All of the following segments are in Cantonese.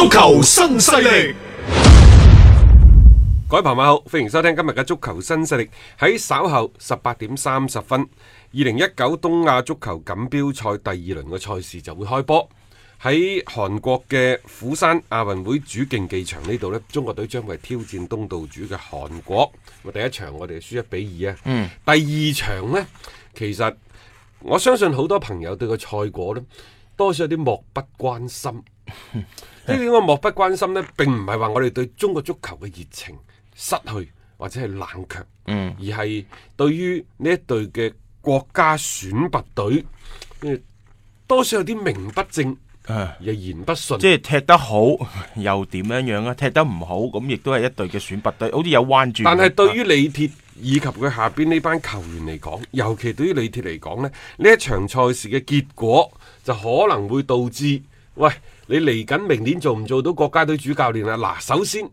足球新勢力，各位朋友好，歡迎收聽今日嘅足球新勢力。喺稍後十八點三十分，二零一九東亞足球錦標賽第二輪嘅賽事就會開波。喺韓國嘅釜山亞運會主競技場呢度呢，中國隊將會挑戰東道主嘅韓國。第一場我哋輸一比二啊，嗯，第二場呢，其實我相信好多朋友對個賽果呢多少有啲漠不關心。 呢點我漠不關心呢，並唔係話我哋對中國足球嘅熱情失去或者係冷卻，嗯，而係對於呢一隊嘅國家選拔隊，呃，多少有啲名不正，亦唉言不順。即係踢得好又點樣樣啊？踢得唔好咁，亦都係一隊嘅選拔隊，好似有彎轉。但係對於李鐵，啊，以及佢下邊呢班球員嚟講，尤其對於李鐵嚟講呢，呢一場賽事嘅結果就可能會導致。喂，你嚟緊明年做唔做到國家隊主教練啊？嗱，首先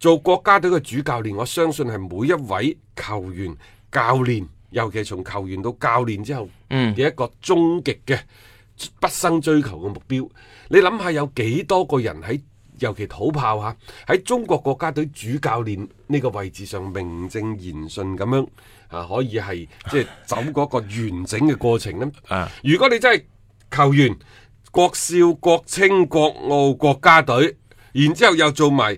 做國家隊嘅主教練，我相信係每一位球員、教練，尤其係從球員到教練之後嘅一個終極嘅畢、嗯、生追求嘅目標。你諗下有幾多個人喺，尤其土炮吓喺中國國家隊主教練呢個位置上名正言順咁樣啊，可以係即係走嗰個完整嘅過程呢。啊啊、如果你真係球員，國少、國青、國奧國家隊，然之後又做埋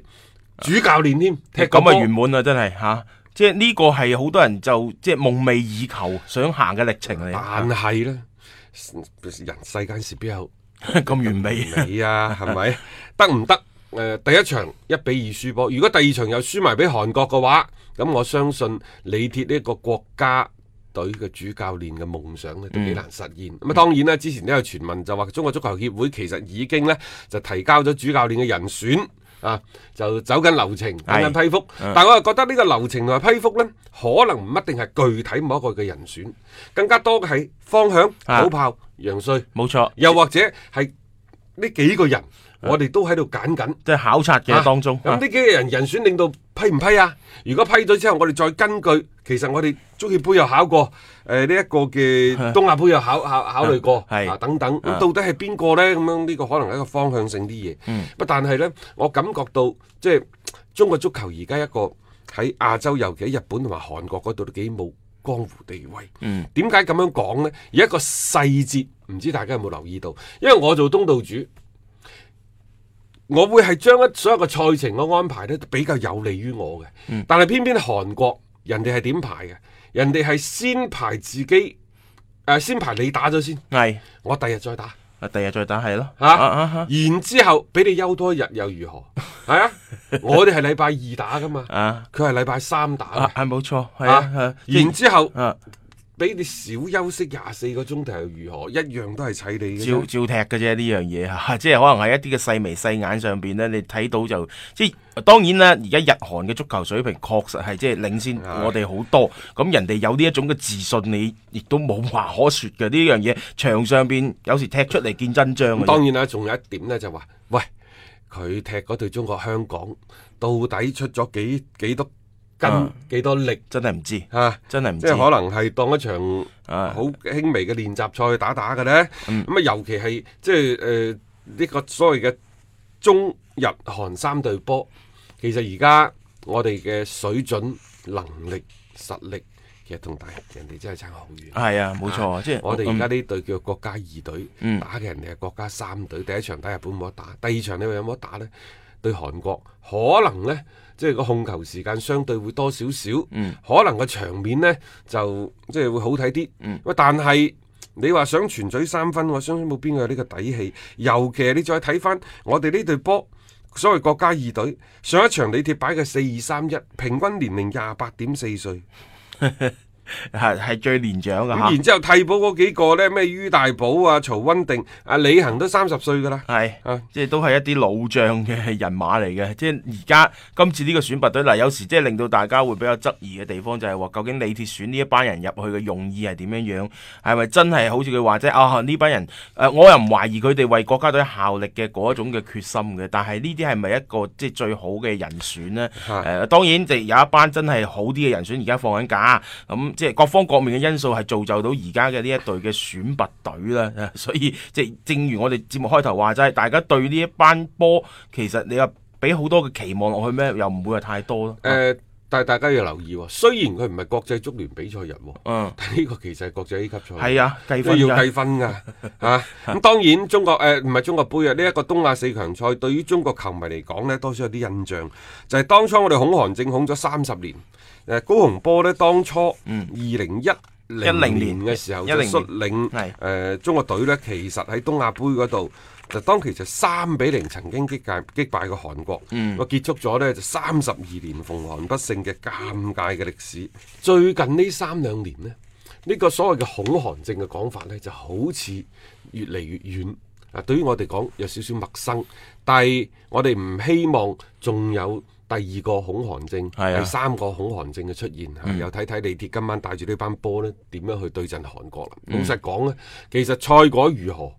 主教練添，咁啊圓滿啦，真係吓、啊！即係呢個係好多人就即係夢寐以求、想行嘅歷程嚟。但係呢，啊、人世間事邊有咁、啊、 完美？你啊，係咪 得唔得？誒、呃，第一場一比二輸波，如果第二場又輸埋俾韓國嘅話，咁我相信李鐵呢個國家隊嘅主教練嘅夢想咧都幾難實現。咁啊、嗯，當然啦，之前都有傳聞就話，中國足球協會其實已經咧就提交咗主教練嘅人選啊，就走緊流程，是等緊批覆。嗯、但我又覺得呢個流程同埋批覆咧，可能唔一定係具體某一個嘅人選，更加多嘅係方向，土炮、洋帥，冇錯，又或者係呢幾個人。我哋都喺度揀緊，即係考察嘅當中。咁呢、啊、幾個人人選領導批唔批啊？如果批咗之後，我哋再根據，其實我哋足協杯又考過，誒呢一個嘅東亞杯又考考考慮過，係、嗯啊、等等。咁、嗯、到底係邊個咧？咁樣呢個可能係一個方向性啲嘢。不、嗯、但係咧，我感覺到即係、就是、中國足球而家一個喺亞洲，尤其喺日本同埋韓國嗰度都幾冇江湖地位。點解咁樣講咧？而一個細節，唔知大家有冇留意到？因為我做東道主。我會係將一所有嘅賽程嘅安排咧，比較有利於我嘅。嗯、但係偏偏韓國人哋係點排嘅？人哋係先排自己誒、呃，先排你打咗先，係是我第日再打，再打啊，第日再打係咯吓，然之後俾你休多一日又如何？係 啊，我哋係禮拜二打噶嘛，啊，佢係禮拜三打，係冇錯，係啊，然之後。俾你少休息廿四個鐘頭又如何？一樣都係砌你照，照照踢嘅啫呢樣嘢吓，即係可能喺一啲嘅細微細眼上邊呢，你睇到就即係當然啦。而家日韓嘅足球水平確實係即係領先我哋好多，咁的人哋有呢一種嘅自信你，你亦都冇話可說嘅呢樣嘢。場上邊有時踢出嚟見真章、嗯嗯。當然啦，仲有一點呢，就話，喂，佢踢嗰隊中國香港到底出咗幾幾多？咁幾多力真係唔知嚇，真係唔知，啊，即係可能係當一場好輕微嘅練習賽去打打嘅咧。咁啊，嗯，尤其係即係誒呢個所謂嘅中日韓三隊波，其實而家我哋嘅水準，能力，實力其實同大人哋真係差好遠。係啊，啊，冇錯，即係我哋而家呢隊叫國家二隊，嗯，打嘅人哋係國家三隊。嗯，第一場打日本冇得打，第二場你話有冇得打咧？對韓國可能呢，即係個控球時間相對會多少少，嗯、可能個場面呢，就即係會好睇啲。喂、嗯，但係你話想全取三分，我相信冇邊個有呢個底氣。尤其係你再睇返我哋呢隊波，所謂國家二隊上一場李鐵擺嘅四二三一，平均年齡廿八點四歲。 係係最年長嘅、嗯，然之後替補嗰幾個呢，咩于大寶啊、曹贇定、阿、啊、李行都三十歲噶啦，係是是即係都係一啲老將嘅人馬嚟嘅。即係而家今次呢個選拔隊，嗱、啊、有時即係令到大家會比較質疑嘅地方就係話，究竟李鐵選呢一班人入去嘅用意係點樣樣？係咪真係好似佢話啫？啊呢班人，誒、啊、我又唔懷疑佢哋為國家隊效力嘅嗰種嘅決心嘅，但係呢啲係咪一個即係最好嘅人選呢？誒是、呃，當然就有一班真係好啲嘅人選而家放緊假咁。嗯嗯嗯即係各方各面嘅因素係造就到而家嘅呢一隊嘅選拔隊啦，所以即係正如我哋節目開頭話齋，大家對呢一班波其實你話俾好多嘅期望落去咩？又唔會係太多咯。呃但大家要留意、哦，雖然佢唔係國際足聯比賽日、哦，嗯，呢個其實係國際 A 級賽，係啊，計分噶，嚇、 啊。咁、嗯、當然中國誒唔係中國杯啊，呢、這、一個東亞四強賽對於中國球迷嚟講呢，多數有啲印象，就係、是、當初我哋恐韓正恐咗三十年，誒、呃、高洪波呢，當初二零一零年嘅時候就率領誒、嗯呃、中國隊呢，其實喺東亞杯嗰度，就當其時三比零曾經擊敗擊敗過韓國，我、嗯、結束咗呢就三十二年逢韓不勝嘅尷尬嘅歷史。最近呢三兩年呢，呢、呢個所謂嘅恐韓症嘅講法呢就好似越嚟越遠。啊，對於我哋講有少少陌生，但係我哋唔希望仲有第二個恐韓症、第、啊、三個恐韓症嘅出現。嗯、又睇睇李鐵今晚帶住呢班波呢點樣去對陣韓國啦。嗯、老實講呢其實賽果如何？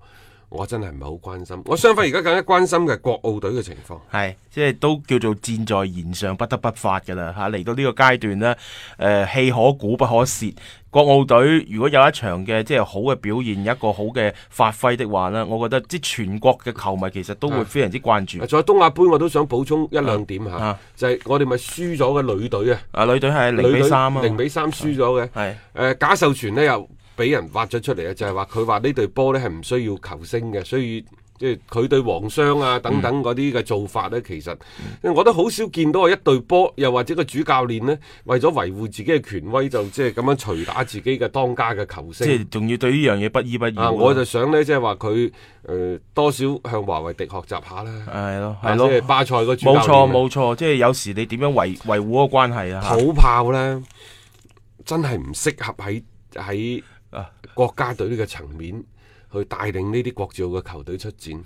我真係唔係好關心，我相反而家更加關心嘅係國奧隊嘅情況，係即係都叫做箭在弦上不得不發嘅啦嚇。嚟、啊、到呢個階段呢，誒、呃、氣可鼓不可泄。國奧隊如果有一場嘅即係好嘅表現，一個好嘅發揮的話呢，我覺得即全國嘅球迷其實都會非常之關注。仲有東亞杯，我都想補充一的兩點嚇，就係我哋咪輸咗嘅女隊啊！啊，女隊係零比三啊，零比三輸咗嘅。係誒、呃，賈秀全呢又。俾人挖咗出嚟啊！就係話佢話呢隊波咧係唔需要球星嘅，所以即係佢對黃商啊等等嗰啲嘅做法咧，嗯、其實，我都好少見到啊！一隊波又或者個主教練呢，為咗維護自己嘅權威，就即係咁樣捶打自己嘅當家嘅球星。即係仲要對呢樣嘢不依不饒、啊啊。我就想呢，即係話佢誒，多少向華為迪學習下啦。係咯、啊，係、啊、咯，即係巴塞個主教練冇錯，冇錯，即係有時你點樣維維護個關係啊？啊土炮呢，真係唔適合喺喺。國家隊呢個層面去帶領呢啲國字號嘅球隊出戰，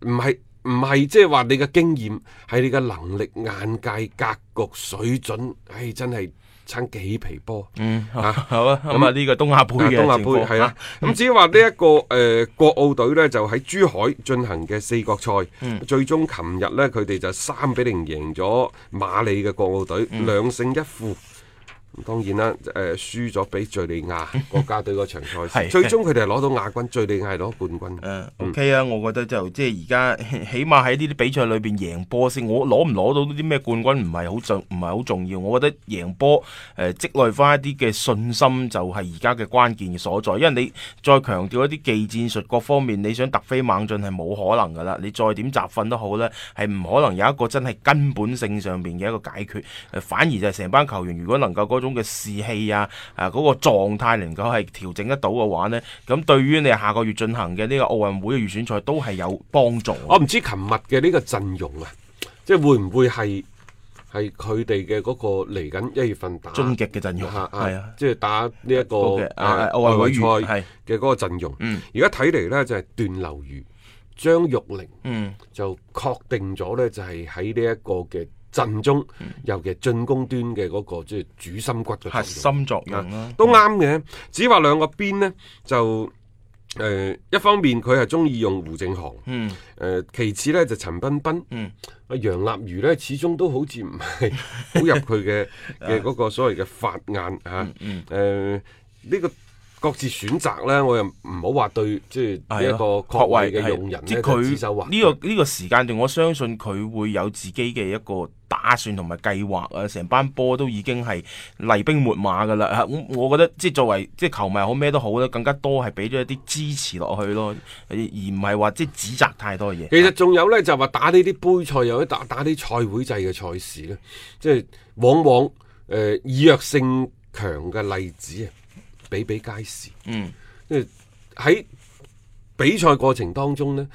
唔係唔係即係話你嘅經驗，係你嘅能力、眼界、格局、水準，唉，真係撐幾皮波。嗯，吓好啊，咁啊呢個東亞杯嘅情況，東亞杯，係啊，咁至於話呢一個誒國奧隊呢就喺珠海進行嘅四國賽，最終琴日呢，佢哋就三比零贏咗馬里嘅國奧隊，兩勝一負。當然啦，誒、呃，輸咗俾敘利亞國家隊嗰場賽事， 的最終佢哋係攞到亞軍，敘 利亞攞冠軍。Uh, o、okay、K 啊，嗯、我覺得就即係而家起碼喺呢啲比賽裏邊贏波先，我攞唔攞到啲咩冠軍唔係好重，唔係好重要。我覺得贏波誒積、呃、累翻一啲嘅信心就係而家嘅關鍵所在。因為你再強調一啲技戰術各方面，你想突飛猛進係冇可能噶啦。你再點集訓都好咧，係唔可能有一個真係根本性上邊嘅一個解決。呃、反而就係成班球員如果能夠種嘅士氣啊，誒、啊，嗰、那個狀態能夠係調整得到嘅話呢，咁對於你下個月進行嘅呢個奧運會預選賽都係有幫助。我唔知琴日嘅呢個陣容啊，即係會唔會係係佢哋嘅嗰個嚟緊一月份打終極嘅陣容係啊，啊啊即係打呢、這、一個奧運、okay, 啊啊、會嘅嗰個陣容。而家睇嚟呢，就係、是、段劉愚、張玉寧，嗯，就確定咗呢，就係喺呢一個嘅。陣中，尤其係進攻端嘅嗰、那個即係、就是、主心骨嘅心作用、啊啊、都啱嘅。嗯、只話兩個邊呢，就，誒、呃，一方面佢係中意用胡正航，嗯，誒、呃，其次呢就陳彬彬，嗯，阿楊立瑜呢，始終都好似唔係好入佢嘅嘅嗰個所謂嘅法眼啊，誒，呢個。各自選擇咧，我又唔好話對，即係的一個確位嘅用人即係佢呢個呢的個時間段，我相信佢會有自己嘅一個打算同埋計劃啊！成班波都已經係厲兵秣馬噶啦嚇，我覺得即係作為即係球迷好咩都好咧，更加多係俾咗一啲支持落去咯，而唔係話即係指責太多嘢。其實仲有咧，是的 就話打呢啲杯賽，又可打打啲賽會制嘅賽事咧，即係往往誒弱、呃、性強嘅例子啊！比比皆是，嗯，即係喺比賽過程當中呢，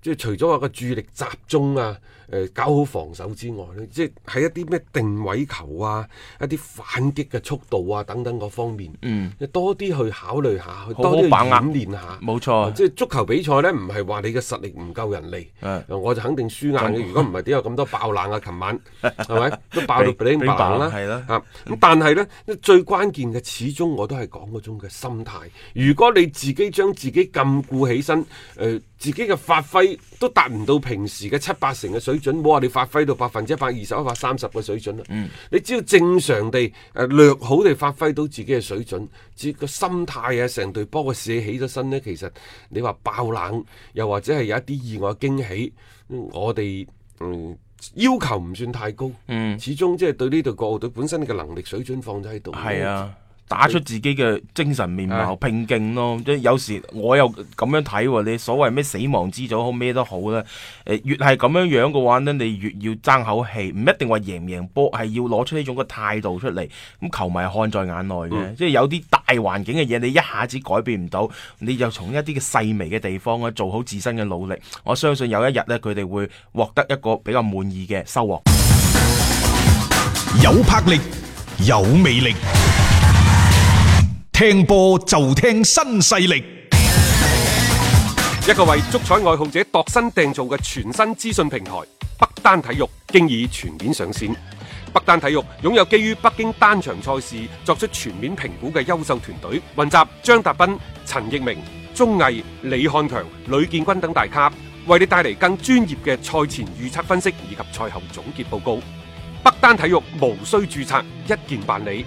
即係除咗話個注意力集中啊。誒搞好防守之外咧，即係喺一啲咩定位球啊，一啲反擊嘅速度啊等等嗰方面，嗯，多啲去考慮下，去多啲訓練下，冇錯。即係足球比賽咧，唔係話你嘅實力唔夠人嚟，我就肯定輸硬嘅。如果唔係點有咁多爆冷啊？琴晚係咪都爆到俾你爆啦？係啦，咁但係咧，最關鍵嘅始終我都係講嗰種嘅心態。如果你自己將自己禁錮起身，誒，自己嘅發揮都達唔到平時嘅七八成嘅水準冇話你發揮到百分之一百,百二十、一百,百三十嘅水準啦。嗯，你只要正常地誒、呃、略好地發揮到自己嘅水準，自己個心態啊，成隊波嘅射起咗身呢，其實你話爆冷，又或者係有一啲意外驚喜，嗯、我哋嗯要求唔算太高。嗯，始終即係對呢隊國奧隊本身嘅能力水準放咗喺度。係啊。打出自己嘅精神面貌、啊、拼勁咯。即係有時我又咁樣睇喎，你所謂咩死亡之組好咩都好啦、呃。越係咁樣樣嘅話呢，你越要爭口氣，唔一定話贏唔贏波，係要攞出呢種嘅態度出嚟。咁球迷看在眼內嘅，嗯、即係有啲大環境嘅嘢，你一下子改變唔到，你就從一啲嘅細微嘅地方咧，做好自身嘅努力。我相信有一日呢，佢哋會獲得一個比較滿意嘅收穫。有魄力，有魅力。聽播就聽新勢力，一個為足彩愛好者度身訂造嘅全新資訊平台——北單體育，經已全面上線。北單體育擁有基於北京單場賽事作出全面評估嘅優秀團隊，雲集張達斌、陳奕明、鍾毅、李漢強、呂建軍等大咖，為你帶嚟更專業嘅賽前預測分析以及賽後總結報告。北單體育無需注冊，一鍵辦理。